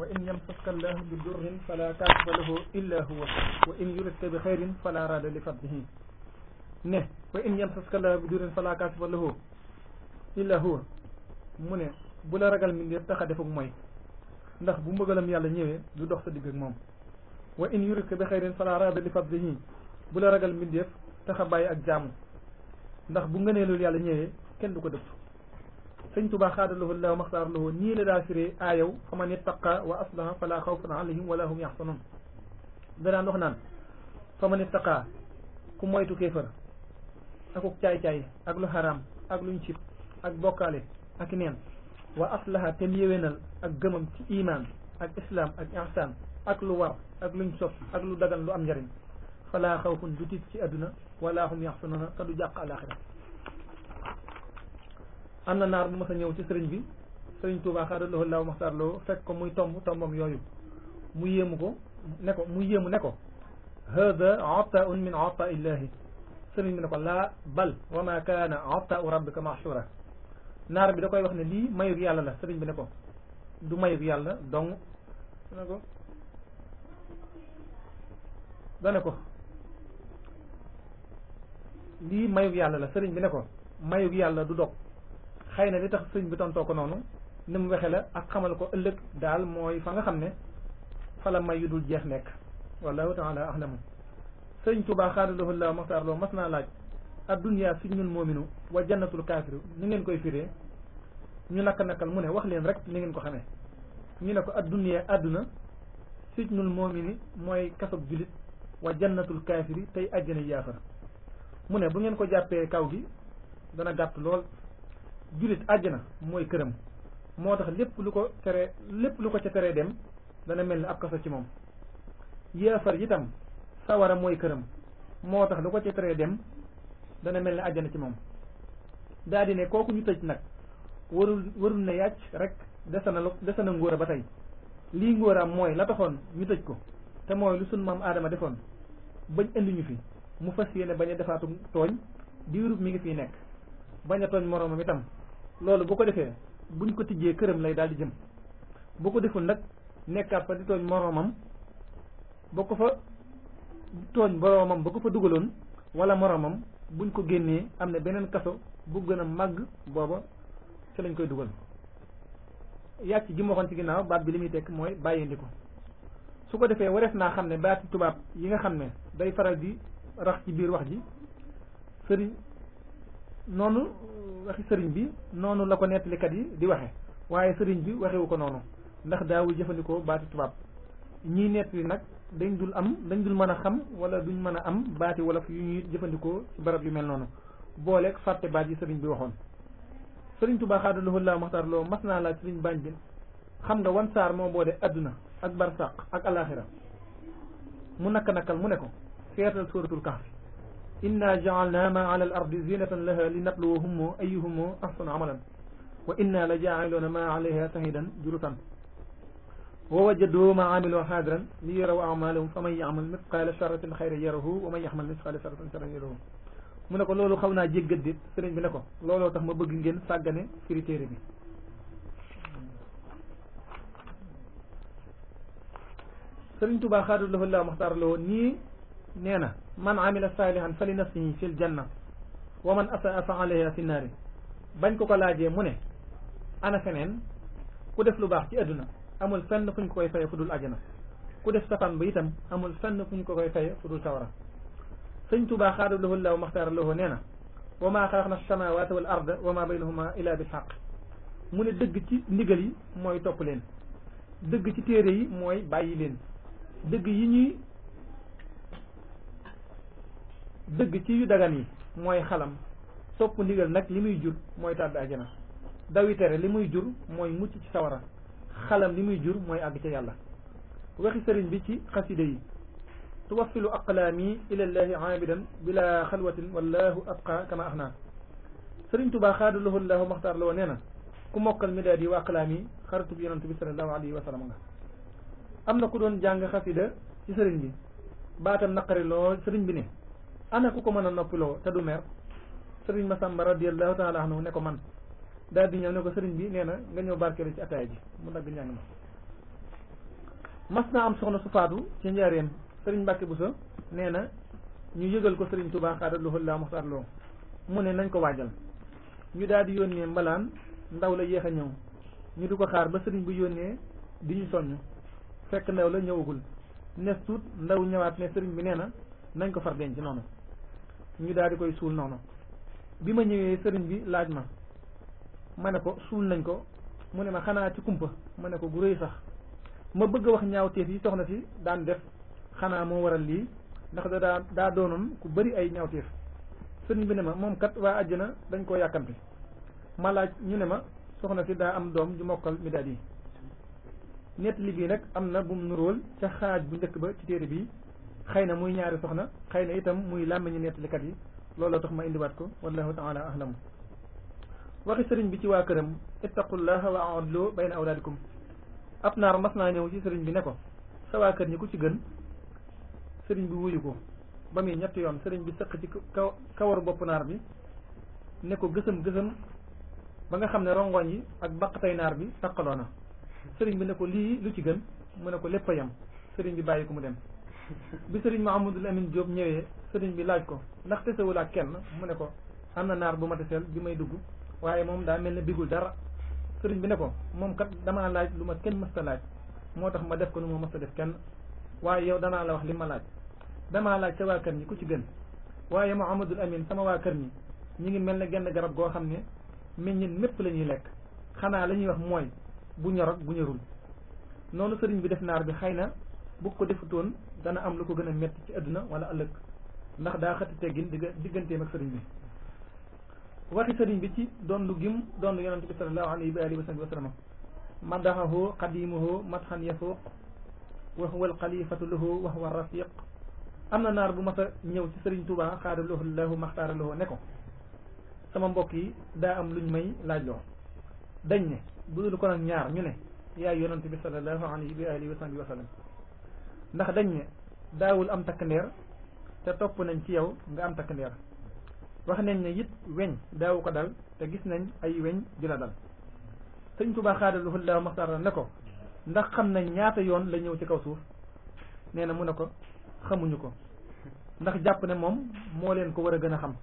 wa in yamsaska allahu bi durrin fala kaashifa lahu illa huwa wa in yuridka bi xayrin fala raada li fadlihi ne wa in yamsaska allahu bi durrin fala kaashifa lahu illa huwa mu ne bu la ragal mi ndéef tax defuk mooy ndax bu mbëggalam yàlla ñëwee du dox sa digg ak moom wa in yuridka bi xayrin fala raada li fadlihi bu la ragal mbindeef tax bàyyi ak jaamu ndax bu ngëneelul yàlla ñëwee kenn du ko dëpp sëñ Tuba xaadalahu llahu maxtaar lahu nii la daa firee aayow faman ittaqa wa aslaha fala xawfun alayhim wala hum yaxsanun danaan wax naan faman ittaqa ku moytu kéefër akuk caay-caay ak lu xaraam ak luñ cib ak bokkaale ak neen wa aslaha tem yéwénal ak gëmam ci iman ak islam ak ihsan ak lu war ak luñ sopp ak lu dagan lu am njariñ fala xawfun du tiit ci àdduna wala hum yaxsanuna te du jàq alaxira am na naar bu mas a ñëw ci sëriñ bi sëriñ Touba xaaraloo laaw maxtaar loo fekk ko muy tomb tombam yooyu mu yéemu ko ne ko mu yéemu ne ko hada ataun min ataa ko laa bal wa ma kaana ataau rabbika mahsura naar bi da koy wax ne lii mayu yàlla la sëriñ bi ne ko du mayug yàlla dong ne ko dane ko lii mayug yàlla la sëriñ bi ne ko mayu yàlla du dog xëy na li tax sëñ bi tontoo ko noonu ni mu waxe la ak xamal ko ëllëg daal mooy fa nga xam ne fa la may yu dul jeex nekk wallahu taala ahlamu sëñ Tuubaa xaadalahu llahu maxtaar loo mas naa laaj addunya sijnul moominu wa jannatul kaafiru ñu ngeen koy firee ñu nakk nakal mu ne wax leen rek ni ngeen ko xamee ñu ne ko addunya àdduna sijnul moomini mooy kasob julit wa jannatul kaafiri tey àjjana yaafar mu ne bu ngeen ko jàppee kaw gi dana gàtt lool jullit àjjana mooy këram moo tax lépp lu ko tere lépp lu ko ca teree dem dana mel ni ab kaso ci moom yéefar itam sawara mooy këram moo tax lu ko ca teree dem dana mel ni àjjana ci moom daa di ne kooku ñu tëj nag warul warul ne yàcc rek dese na dese na ngóora ba tey lii ngóoraam mooy la taxoon ñu tëj ko te mooy lu sun maam aadama defoon bañ indi ñu fi mu fas yéene bañ a defaatu tooñ diirub mi ngi fi nekk bañ a tooñ moroomam itam loolu boo ko defee buñ ko tijjee këram lay daal di jëm boo ko deful nag nekkaat fa di tooñ moroomam ba ko fa tooñ boroomam ba ko fa dugaloon wala moroomam buñ ko génnee am na beneen kaso bu gën a màgg booba ci lañ koy dugal yàcc gi ma waxoon ci ginnaaw baat bi li muy tekk mooy bàyyindi ko su ko defee warees naa xam ne baati tubaab yi nga xam ne day faral di rax ci biir wax ji sëriñ noonu waxi sëriñ bi noonu la ko nettalikat yi di waxe waaye sëriñ bi waxewu ko noonu ndax daawul jëfandikoo baati tubaab ñiy nettali nag dañ dul am dañ dul mën a xam wala duñ mën a am baati wolof yu ñuy jëfandikoo ci barab yu mel noonu booleeg fàtte baat yi sëriñ bi waxoon sëriñ Tuubaa xaadalohul laa maxtaar loo mas naa laaj sëriñ baañ bi xam nga wan saar moo boode àdduna ak barsàq ak alaxira mu nakk-nakkal mu ne ko seetal sóoratul kahf inna jaalna ma ala al ardi zinatan laha li nabluwahum ayyuhum ahsanu amalan wa inna la jaailuna ma alayha sahidan jurutan wa wajadu ma amilu hadiran li yaraw amalahum fa man yamal misqala charratin xayran yarahu wa man yamal misqala charratin charran yarahu mu ne ko loolu xaw naa jéggat dit sëriñ bi ne ko looloo tax ma bëgg ngeen sàggane firi téere bi sëriñ Tuubaa xaadul lahu laa maxtaar loo nii nee na man amila saalihan fa li nafsihi fil janna wa man asaa fa alayha fi naari bañ ko ko laajee mu ne ana feneen ku def lu baax ci àdduna amul fenn fu ñu ko koy faye fu dul ajana ku def safaan ba itam amul fenn fu ñu ko koy faye fu dul sawara sëñ tubaa xaadab lahu llaahu maxtaara lahu nee na wa maa xalaqna samaawaati wal arda wa maa baynahuma ila bil xaq mu ne dëgg ci ndigal yi mooy topp leen dëgg ci téere yi mooy bàyyi leen dëgg yi ñuy dëgg ci yu dagan yi mooy xalam sopp ndigal nag li muy jur mooy tàbbi ajana dawi tere li muy jur mooy mucc ci sawara xalam li muy jur mooy àgg ca yàlla waxi sëriñ bi ci xasida yi tuwafilu aqlaami ilallahi aabidan bila xalwatin wallahu abqa kama ahna sëriñ tubaa xaadalahu llahu maxtaar la woo nee na ku mokkal midaad yi wa aqlaami xaritu bi yonantu bi salallahu alayhi wa sallam nga am na ku doon jàng xasida ci sëriñ bi baatam naqari lool sëriñ bi ne ana ku ko mën a noppiloo te du mer sëriñ Masamba radiyallahu taala anhu ne ko man daal di ñëw ne ko sëriñ bi nee na nga ñëw barkeelu ci ataay ji mu dagg ñàng ma mas naa am soxna su faatu ci njaareem sëriñ Mbàkke Buso nee na ñu yëgal ko sëriñ Tuubaa xaadaluhu laa muxtaar loo mu ne nañ ko waajal ñu daal di yónnee mbalaan ndaw la yéex a ñëw ñu di ko xaar ba bu yónnee di ñu soññ fekk la ñëwagul nes tuut ndaw ñëwaat ne sëriñ bi nee na nañ ko far denc noonu ñu daal di koy suul noonu bi ma ñëwee sëriñ bi laaj ma ma ne ko suul nañ ko mu ne ma xanaa ci kumpa ma ne ko gu rëy sax ma bëgg a wax ñaaw ñaawteef yi soxna si daan def xanaa moo waral lii ndax da daa daa doonoon ku bari ay ñaawteef sëriñ bi ne ma moom kat waa na dañ koo yàkkamte ma laaj ñu ne ma soxna si daa am doom ju mokkal midaad yi nett li bii nag am na bu mu nuróol ca xaaj bu njëkk ba ci téere bii xëy na muy ñaari soxna xëy na itam muy làmmiñu nettalikat yi looloo tax ma indiwaat ko wallahu taala ahlam waxi sëriñ bi ci waa këram ittaqullaha wa adlu bayna awlaadikum ab naar mas naa ñëw ci sëriñ bi ne ko sa waa kër ñi ku ci gën sëriñ bi wuyu ko ba muy ñetti yoon sëriñ bi sëq ci kaw kawaru bopp naar bi ne ko gësëm gësëm ba nga xam ne rongoñ yi ak baqtay naar bi taqaloo na sëriñ bi ne ko lii lu ci gën mu ne ko lépp a yem sëriñ bi bàyyi ko mu dem bi sëriñ Mahamadul Amin jóob ñëwee sëriñ bi laaj ko ndax tesewul ak kenn mu ne ko am na naar bu ma teseel bi may dugg waaye moom daa mel ne bigul dara sëriñ bi ne ko moom kat damaa laaj lu ma kenn mës a laaj moo tax ma def ko nu ma mës def kenn waaye yow danaa la wax li ma laaj damaa laaj sa waa kër ñi ku ci gën waaye Mahamadul Amin sama waa kër ñi ñi ngi mel ne genn garab goo xam ne meññin mépp lañuy ñuy lekk xanaa la ñuy wax mooy bu ñor ak bu noonu sëriñ bi def naar bi xëy na bu ko defutoon dana am lu ko gën a metti ci àdduna wala ëllëg ndax daa xati teggin digganteem ak sëriñ bi waxi sëriñ bi ci doon lu gim doon lu yonente bi salallahu alayhi wa alihi wa sahbihi wa sallam madaxahu qadimuhu wa huwa am na naar bu mas a ñëw ci sëriñ Tuubaa xaada lahu lahu maxtaara lahu ne ko sama mbokk yi daa am lu ñu may laaj loo dañ ne bu dul ko nag ñaar ñu ne yaay yonente bi salallahu alayhi wa bi wa sahbihi wa sallam ndax dañ ne daawul am takk ndeer te topp nañ ci yow nga am takk ndeer wax nañ ne it weñ daawu ko dal te gis nañ ay weñ di la dal sëñ Tuubaa xaadaluhu laahu maxtaara ne ko ndax xam nañ ñaata yoon la ñëw ci kaw suuf nee na mu ne ko xamuñu ko ndax jàpp ne moom moo leen ko war a gën a xam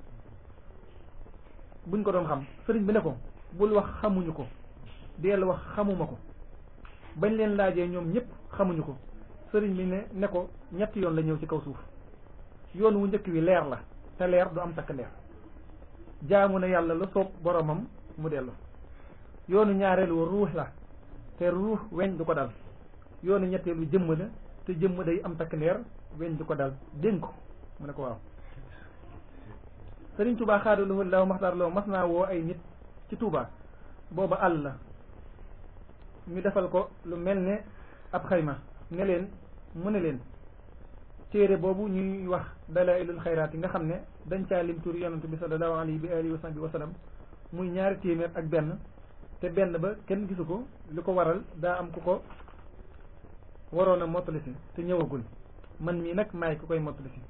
buñ ko doon xam sëriñ bi ne ko bul wax xamuñu ko deel wax xamuma ko bañ leen laajee ñoom ñëpp xamuñu ko sëriñ bi ne ne ko ñetti yoon la ñëw ci kaw suuf yoon wu njëkk wi leer la te leer du am takk leer jaamu na yàlla la soob boromam mu dellu yoonu ñaareelu ruux la te ruux weñ du ko dal yoonu ñetteelu jëmm la te jëmm day am takk leer weñ du ko dal dénk ko mu ne ko waaw sëriñ Tuubaa xaadalowoo laaw maxtaar loo mas naa woo ay nit ci Tuubaa booba àll la ñu defal ko lu mel ne ab xayma ne leen mu ne leen téere boobu ñuy wax dalailul xayraat yi nga xam ne dañ caa lim tur yonent bi sallallahu alayhi bi alihi wa sahbi wa sallam muy ñaari téeméer ak benn te benn ba kenn gisu ko li ko waral daa am ku ko waroon a mottali si te ñëwagul man mii nag maay ku koy mottali si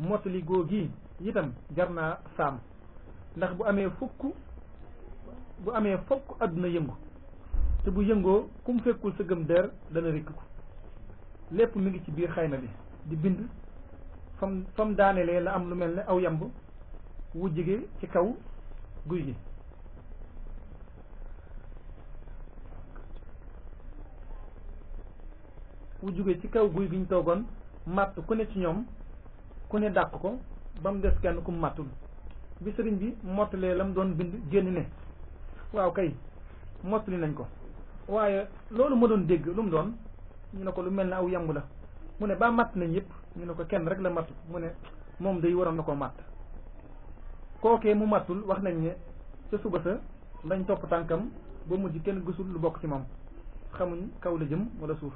mottali googi itam jar naa saam ndax bu amee fukk bu amee fokk àdduna yëngu te bu yëngoo kum fekkul sa gëm der dana rikk ko lépp mu ngi ci biir xayma bi di bind fam fam daanelee la am lu mel ni aw yamb wu jige ci kaw guy gi wu jóge ci kaw guy gi ñu toogoon màtt ku ne ci ñoom ku ne dàq ko ba mu des kenn ku màttul bi sëriñ bi mottalee la mu doon bind génn ne waaw kay mottali nañ ko waaye loolu ma doon dégg lu mu doon ñu ne ko lu mel ne aw yamb la mu ne ba matt nañ yëpp ñu ne ko kenn rek la matt mu ne moom day waroon na ko matt kookee mu mattul wax nañ ne sa suba sa lañ topp tànkam ba mujj kenn gisul lu bokk ci moom xamuñ kaw la jëm wala suuf